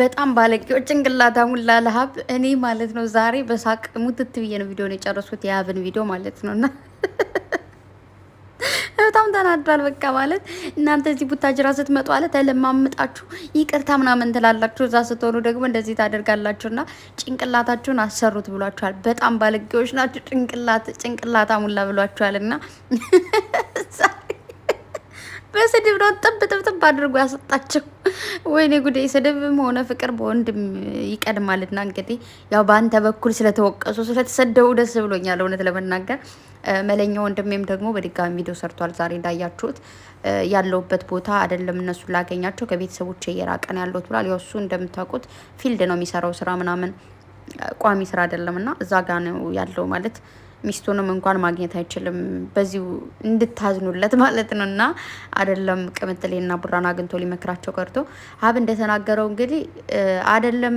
በጣም ባለጌዎች ሙላ ለሀብ እኔ ማለት ነው። ዛሬ በሳቅ ሙትት ብዬ ነው ነው የጨረስኩት የሀብን ቪዲዮ ማለት ነው። እና በጣም ተናዷል። በቃ ማለት እናንተ እዚህ ቡታጅራ ስትመጡ አለ ተለማምጣችሁ ይቅርታ ምናምን ትላላችሁ፣ እዛ ስትሆኑ ደግሞ እንደዚህ ታደርጋላችሁና ጭንቅላታችሁን አሰሩት ብሏችኋል። በጣም ባለጌዎች ናቸው። ጭንቅላት ሙላ ብሏችኋል እና በስድብ ነው ጥብ ጥብጥብ አድርጎ ያሰጣቸው። ወይኔ ጉዴ! ስድብም ሆነ ፍቅር በወንድም ይቀድማልና እንግዲህ ያው በአንተ በኩል ስለተወቀሱ ስለተሰደቡ ደስ ብሎኛል እውነት ለመናገር መለኛ ወንድሜም ደግሞ በድጋሚ ቪዲዮ ሰርቷል። ዛሬ እንዳያችሁት ያለውበት ቦታ አይደለም እነሱን ላገኛቸው ከቤተሰቦች እየራቀ ነው ያለሁት ብሏል። ያው እሱ እንደምታውቁት ፊልድ ነው የሚሰራው ስራ ምናምን ቋሚ ስራ አይደለም እና እዛ ጋ ነው ያለው ማለት ሚስቱንም እንኳን ማግኘት አይችልም። በዚሁ እንድታዝኑለት ማለት ነው እና አደለም ቅምጥሌና ቡራን አግኝቶ ሊመክራቸው ቀርቶ ሀብ እንደተናገረው እንግዲህ አደለም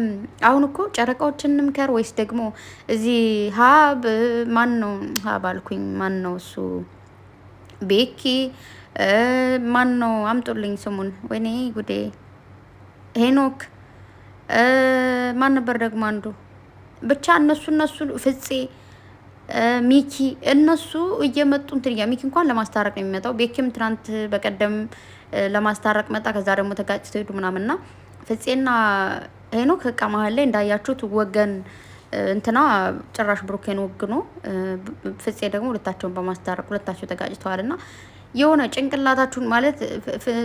አሁን እኮ ጨረቃዎችን እንምከር ወይስ ደግሞ እዚህ ሀብ ማን ነው ሀብ አልኩኝ ማን ነው እሱ ቤኪ ማን ነው አምጡልኝ ስሙን ወይኔ ጉዴ ሄኖክ ማን ነበር ደግሞ አንዱ ብቻ እነሱ እነሱ ፍፄ ሚኪ እነሱ እየመጡ እንትን እያ ሚኪ እንኳን ለማስታረቅ ነው የሚመጣው። ቤኪም ትናንት በቀደም ለማስታረቅ መጣ። ከዛ ደግሞ ተጋጭተው ሄዱ ምናምን እና ፍፄና ሄኖክ መሀል ላይ እንዳያችሁት ወገን እንትና ጭራሽ ብሩኬን ወግኖ ፍፄ ደግሞ ሁለታቸውን በማስታረቅ ሁለታቸው ተጋጭተዋል። እና የሆነ ጭንቅላታችሁን ማለት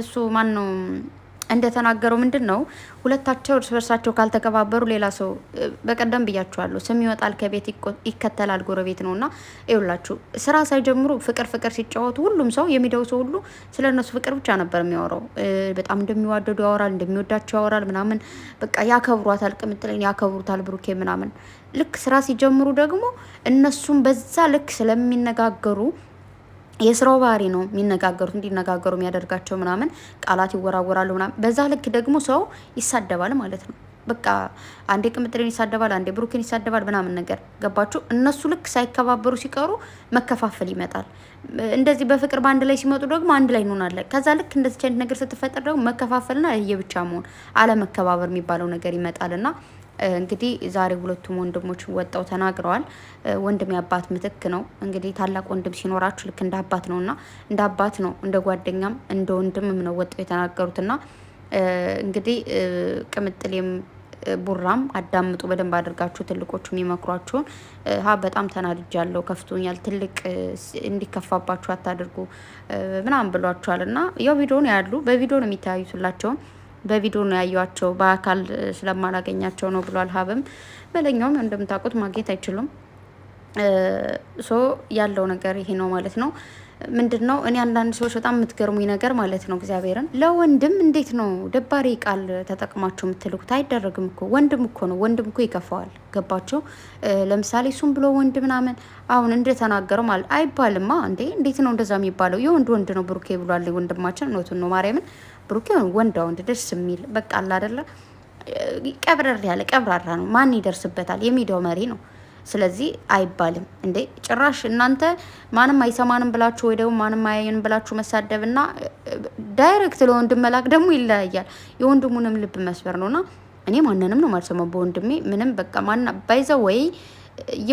እሱ ማን ነው እንደተናገረው ምንድን ነው ሁለታቸው እርስ በርሳቸው ካልተከባበሩ ሌላ ሰው በቀደም ብያችኋለሁ፣ ስም ይወጣል ከቤት ይከተላል ጎረቤት ነው እና ይውላችሁ ስራ ሳይጀምሩ ፍቅር ፍቅር ሲጫወቱ ሁሉም ሰው የሚደው ሰው ሁሉ ስለ እነሱ ፍቅር ብቻ ነበር የሚያወራው። በጣም እንደሚዋደዱ ያወራል፣ እንደሚወዳቸው ያወራል ምናምን በቃ ያከብሯታል፣ ቅምጥልን ያከብሩታል ብሩኬ ምናምን። ልክ ስራ ሲጀምሩ ደግሞ እነሱም በዛ ልክ ስለሚነጋገሩ የስራው ባህሪ ነው የሚነጋገሩት እንዲነጋገሩ የሚያደርጋቸው ምናምን ቃላት ይወራወራሉ ምናምን። በዛ ልክ ደግሞ ሰው ይሳደባል ማለት ነው። በቃ አንዴ ቅምጥሌን ይሳደባል፣ አንዴ ብሩኬን ይሳደባል ምናምን ነገር ገባችሁ። እነሱ ልክ ሳይከባበሩ ሲቀሩ መከፋፈል ይመጣል። እንደዚህ በፍቅር በአንድ ላይ ሲመጡ ደግሞ አንድ ላይ እንሆናለን። ከዛ ልክ እንደዚህ አይነት ነገር ስትፈጠር ደግሞ መከፋፈልና የብቻ መሆን አለመከባበር የሚባለው ነገር ይመጣልና እንግዲህ ዛሬ ሁለቱም ወንድሞች ወጣው ተናግረዋል። ወንድም የአባት ምትክ ነው። እንግዲህ ታላቅ ወንድም ሲኖራችሁ ልክ እንደ አባት ነው እና እንደ አባት ነው እንደ ጓደኛም እንደ ወንድምም ነው ወጣው የተናገሩት የተናገሩትና እንግዲህ ቅምጥሌም ቡራም አዳምጡ በደንብ አድርጋችሁ ትልቆቹ የሚመክሯችሁን። ሀ በጣም ተናድጃለሁ፣ ከፍቶኛል፣ ትልቅ እንዲከፋባችሁ አታድርጉ ምናምን ብሏችኋል። እና ያው ቪዲዮን ያሉ በቪዲዮ ነው የሚተያዩትላቸውም በቪዲዮ ነው ያዩዋቸው በአካል ስለማላገኛቸው ነው ብሏል። ሀብም መለኛውም እንደምታውቁት ማግኘት አይችሉም። ሶ ያለው ነገር ይሄ ነው ማለት ነው። ምንድን ነው እኔ አንዳንድ ሰዎች በጣም የምትገርሙኝ ነገር ማለት ነው እግዚአብሔርን ለወንድም እንዴት ነው ደባሪ ቃል ተጠቅማችሁ የምትልኩት? አይደረግም እኮ ወንድም እኮ ነው። ወንድም እኮ ይከፋዋል። ገባቸው። ለምሳሌ እሱም ብሎ ወንድ ምናምን አሁን እንደተናገረው ማለት አይባልማ እንዴ! እንዴት ነው እንደዛ የሚባለው? የወንድ ወንድ ነው ብሩኬ ብሏል ወንድማችን። ኖቱን ነው ማርያምን ብሩኬ ወንዳ ወንድ ደስ የሚል በቃ አላደለ ቀብረር ያለ ቀብራራ ነው። ማን ይደርስበታል? የሚዲያው መሪ ነው። ስለዚህ አይባልም እንዴ ጭራሽ እናንተ ማንም አይሰማንም ብላችሁ ወይ ደግሞ ማንም አያየንም ብላችሁ መሳደብ እና ዳይሬክት ለወንድም መላክ ደግሞ ይለያያል። የወንድሙንም ልብ መስበር ነውና እኔ ማንንም ነው ማልሰማው በወንድሜ ምንም በቃ ማና ባይዘ ወይ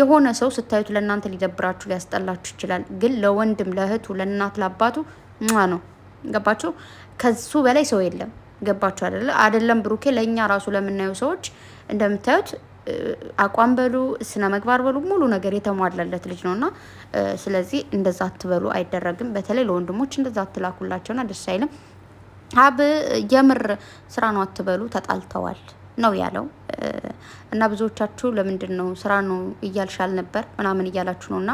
የሆነ ሰው ስታዩት ለእናንተ ሊደብራችሁ ሊያስጠላችሁ ይችላል። ግን ለወንድም ለእህቱ፣ ለእናት፣ ለአባቱ ነው ገባችሁ። ከሱ በላይ ሰው የለም ገባችሁ አደለ? አይደለም ብሩኬ ለእኛ ራሱ ለምናየው ሰዎች እንደምታዩት አቋም በሉ ስነ መግባር በሉ ሙሉ ነገር የተሟላለት ልጅ ነው እና ስለዚህ እንደዛ አትበሉ አይደረግም። በተለይ ለወንድሞች እንደዛ አትላኩላቸውና ደስ አይልም። አብ የምር ስራ ነው አትበሉ ተጣልተዋል ነው ያለው። እና ብዙዎቻችሁ ለምንድን ነው ስራ ነው እያልሻል ነበር ምናምን እያላችሁ ነው እና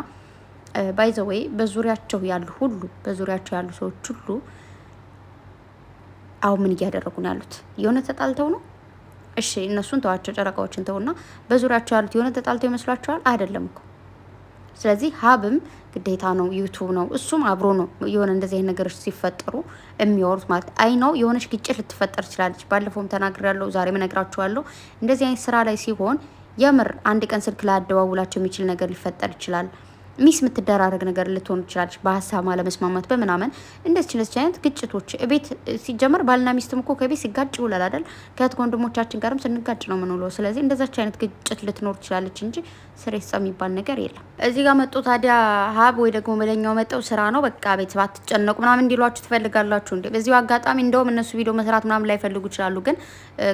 ባይዘወይ በዙሪያቸው ያሉ ሁሉ በዙሪያቸው ያሉ ሰዎች ሁሉ አሁን ምን እያደረጉ ነው ያሉት? የሆነ ተጣልተው ነው እሺ እነሱን ተዋቸው፣ ጨረቃዎችን ተውና በዙሪያቸው ያሉት የሆነ ተጣልቶ ይመስሏቸዋል። አይደለም እኮ ስለዚህ ሀብም ግዴታ ነው ዩቱብ ነው እሱም አብሮ ነው የሆነ እንደዚህ አይነት ነገሮች ሲፈጠሩ የሚወሩት ማለት አይ ነው የሆነች ግጭት ልትፈጠር ትችላለች። ባለፈውም ተናግሬያለሁ፣ ዛሬም እነግራችኋለሁ። እንደዚህ አይነት ስራ ላይ ሲሆን የምር አንድ ቀን ስልክ ላያደዋውላቸው የሚችል ነገር ሊፈጠር ይችላል። ሚስ የምትደራረግ ነገር ልትሆን ትችላለች። በሀሳብ ማለመስማማት በምናምን እንደዚህ እንደዚህ አይነት ግጭቶች ቤት ሲጀመር ባልና ሚስትም እኮ ከቤት ሲጋጭ ይውላል አይደል? ከእህት ከወንድሞቻችን ጋርም ስንጋጭ ነው ምንውለው። ስለዚህ እንደዛች አይነት ግጭት ልትኖር ትችላለች እንጂ ስሬሳ የሚባል ነገር የለም። እዚህ ጋር መጡ ታዲያ ሀብ ወይ ደግሞ መለኛው መጠው ስራ ነው በቃ ቤተሰብ አትጨነቁ ምናምን እንዲሏችሁ ትፈልጋላችሁ እንዴ? በዚሁ አጋጣሚ እንደውም እነሱ ቪዲዮ መስራት ምናምን ላይፈልጉ ይችላሉ። ግን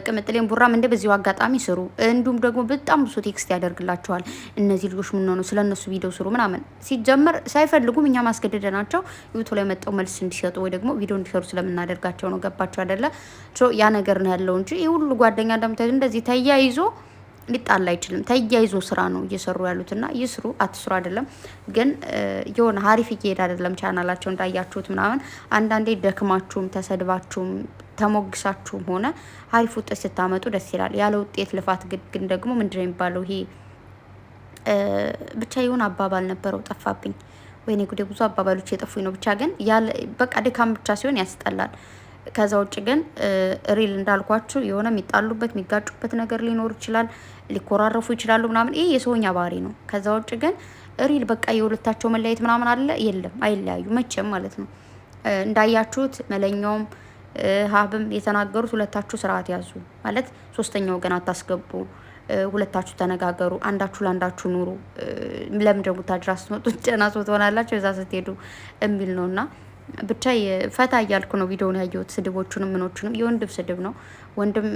ቅምጥሌም ቡራም እንደ በዚሁ አጋጣሚ ስሩ። እንዲሁም ደግሞ በጣም ብዙ ቴክስት ያደርግላቸዋል። እነዚህ ልጆች ምን ስለ እነሱ ቪዲዮ ስሩ ምናምን ምናምን ሲጀመር ሳይፈልጉም እኛ ማስገደደ ናቸው ዩቱ ላይ መጠው መልስ እንዲሰጡ ወይ ደግሞ ቪዲዮ እንዲሰሩ ስለምናደርጋቸው ነው። ገባቸው አደለ? ያ ነገር ነው ያለው እንጂ ይህ ሁሉ ጓደኛ እንደምታይ እንደዚህ ተያይዞ ሊጣል አይችልም። ተያይዞ ስራ ነው እየሰሩ ያሉትና ይስሩ አትስሩ አይደለም፣ ግን የሆነ ሀሪፍ እየሄድ አይደለም ቻናላቸው እንዳያችሁት ምናምን። አንዳንዴ ደክማችሁም ተሰድባችሁም ተሞግሳችሁም ሆነ ሀሪፍ ውጤት ስታመጡ ደስ ይላል። ያለ ውጤት ልፋት ግን ደግሞ ምንድነው የሚባለው ይሄ ብቻ የሆነ አባባል ነበረው ጠፋብኝ። ወይኔ ጉዴ! ብዙ አባባሎች የጠፉኝ ነው። ብቻ ግን በቃ ድካም ብቻ ሲሆን ያስጠላል። ከዛ ውጭ ግን ሪል እንዳልኳችሁ የሆነ የሚጣሉበት የሚጋጩበት ነገር ሊኖር ይችላል። ሊኮራረፉ ይችላሉ ምናምን፣ ይሄ የሰውኛ ባህሪ ነው። ከዛ ውጭ ግን ሪል በቃ የሁለታቸው መለያየት ምናምን አለ የለም፣ አይለያዩ መቼም ማለት ነው። እንዳያችሁት መለኛውም ሀብም የተናገሩት ሁለታችሁ ስርዓት ያዙ ማለት ሶስተኛ ወገን አታስገቡ ሁለታችሁ ተነጋገሩ። አንዳችሁ ለአንዳችሁ ኑሩ። ለምን ደግሞ ታጅራ ስትመጡ ጨና ሰው ትሆናላችሁ የዛ ስትሄዱ የሚል ነው እና ብቻ ፈታ እያልኩ ነው ቪዲዮውን ያየሁት። ስድቦቹንም ምኖቹንም የወንድም ስድብ ነው ወንድም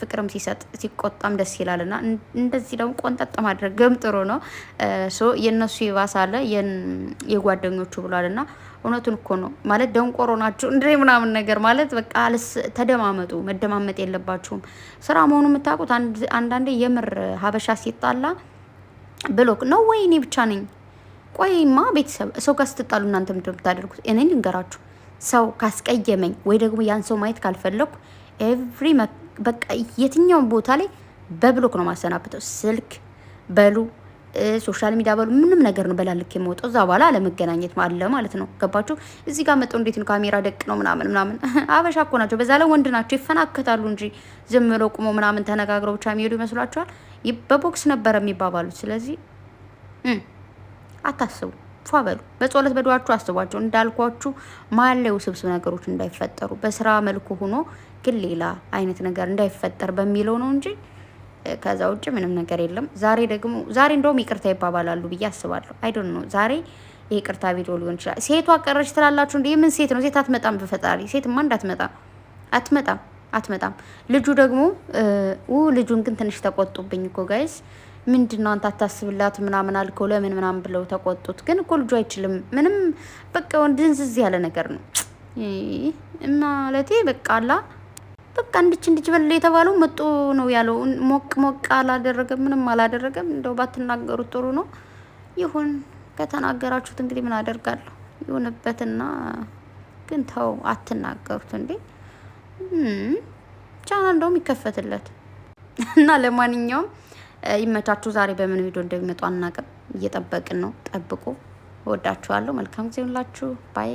ፍቅርም ሲሰጥ ሲቆጣም ደስ ይላል። እና እንደዚህ ደግሞ ቆንጠጥ ማድረግም ጥሩ ነው። የእነሱ ይባሳለ የጓደኞቹ ብሏል። እና እውነቱን እኮ ነው ማለት ደንቆሮ ናቸው እንደ ምናምን ነገር ማለት በቃ አልስ ተደማመጡ። መደማመጥ የለባችሁም ስራ መሆኑ የምታውቁት። አንዳንዴ የምር ሀበሻ ሲጣላ ብሎክ ነው ወይ እኔ ብቻ ነኝ? ቆይማ ቤተሰብ ሰው ጋር ስትጣሉ እናንተ ምንድን ነው የምታደርጉት? እኔ ልንገራችሁ ሰው ካስቀየመኝ ወይ ደግሞ ያን ሰው ማየት ካልፈለግኩ ኤቭሪ በቃ የትኛውን ቦታ ላይ በብሎክ ነው ማሰናብተው። ስልክ በሉ ሶሻል ሚዲያ በሉ ምንም ነገር ነው በላልክ የመውጣው። እዛ በኋላ አለመገናኘት አለ ማለት ነው። ገባችሁ? እዚህ ጋር መጠው እንዴት ነው ካሜራ ደቅ ነው ምናምን ምናምን። አበሻ እኮ ናቸው፣ በዛ ላይ ወንድ ናቸው። ይፈናከታሉ እንጂ ዝም ብለው ምናምን ተነጋግረው ብቻ የሚሄዱ ይመስሏቸዋል። በቦክስ ነበረ የሚባባሉት። ስለዚህ አታስቡ። ፏ በሉ። በጸሎት በዱዓችሁ አስቧቸው። እንዳልኳችሁ መሀል ላይ ውስብስብ ነገሮች እንዳይፈጠሩ በስራ መልኩ ሆኖ ግን ሌላ አይነት ነገር እንዳይፈጠር በሚለው ነው እንጂ ከዛ ውጭ ምንም ነገር የለም። ዛሬ ደግሞ ዛሬ እንደውም ይቅርታ ይባባላሉ ብዬ አስባለሁ። አይዶን ነው ዛሬ ቅርታ ቪዲዮ ሊሆን ይችላል። ሴቷ ቀረች ትላላችሁ እንዴ? ምን ሴት ነው ሴት አትመጣም። በፈጣሪ ሴትማ እንዳትመጣ አትመጣም አትመጣም። ልጁ ደግሞ ው ልጁን ግን ትንሽ ተቆጡብኝ እኮ ጋይስ ምንድን ነው አንተ አታስብላት ምናምን አልከው ለምን ምናምን ብለው ተቆጡት። ግን እኮ ልጁ አይችልም ምንም በቃ ድንዝዝ ያለ ነገር ነው ማለቴ በቃ አላ በቃ እንድች እንድች በል የተባለው መጦ ነው ያለው። ሞቅ ሞቅ አላደረገም፣ ምንም አላደረገም። እንደው ባትናገሩት ጥሩ ነው። ይሁን ከተናገራችሁት እንግዲህ ምን አደርጋለሁ። ይሁንበትና ግን ተው አትናገሩት እንዴ ቻናል እንደውም ይከፈትለት እና ለማንኛውም ይመቻችሁ። ዛሬ በምን ቪዲዮ እንደሚመጡ አናውቅም። እየጠበቅን ነው። ጠብቁ። ወዳችኋለሁ። መልካም ጊዜ ሁላችሁ ባይ